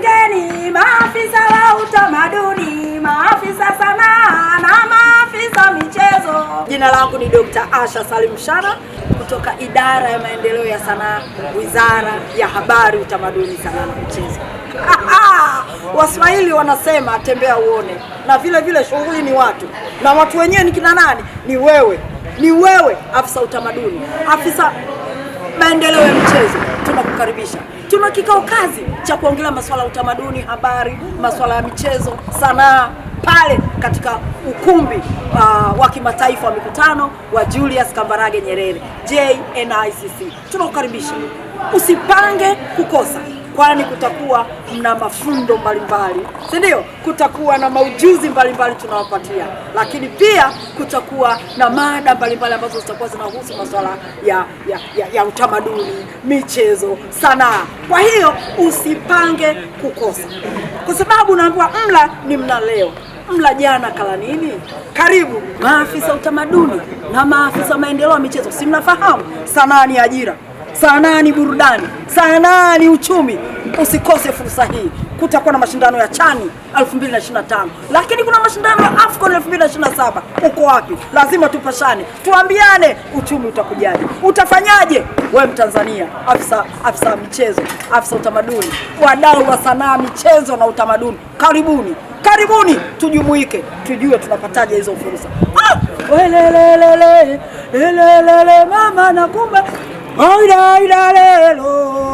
bungeni, maafisa wa utamaduni, maafisa sanaa na maafisa michezo. Jina langu ni Dr. Asha Salim Shana kutoka idara ya maendeleo ya sanaa, wizara ya habari, utamaduni, sanaa na michezo. Ah, ah, Waswahili wanasema tembea uone, na vile vile shughuli ni watu, na watu wenyewe ni kina nani? Ni wewe, ni wewe afisa utamaduni, afisa maendeleo ya michezo tunakukaribisha. Tuna kikao kazi cha kuongelea masuala ya utamaduni, habari, masuala ya michezo, sanaa pale katika ukumbi uh, wa kimataifa wa mikutano wa Julius Kambarage Nyerere JNICC. Tunakukaribisha, usipange kukosa kwani kutakuwa mna mafundo mbalimbali, si ndio? Kutakuwa na maujuzi mbalimbali tunawapatia, lakini pia kutakuwa na mada mbalimbali ambazo zitakuwa zinahusu masuala ya, ya, ya, ya utamaduni, michezo, sanaa. Kwa hiyo usipange kukosa, kwa sababu unaambiwa mla ni mna leo mla jana kala nini? Karibu maafisa utamaduni na maafisa maendeleo ya michezo, si mnafahamu sanaa ni ajira, sanaa ni burudani, sanaa ni uchumi usikose fursa hii. Kutakuwa na mashindano ya Chani 2025 lakini kuna mashindano ya Afcon 2027. Uko wapi? Lazima tupashane, tuambiane uchumi utakujaje, utafanyaje wewe Mtanzania, afisa afisa michezo, afisa utamaduni, wadau wa sanaa, michezo na utamaduni, karibuni karibuni tujumuike, tujue tunapataje hizo fursa. Ah! lelelele mama na kumbe aidalelo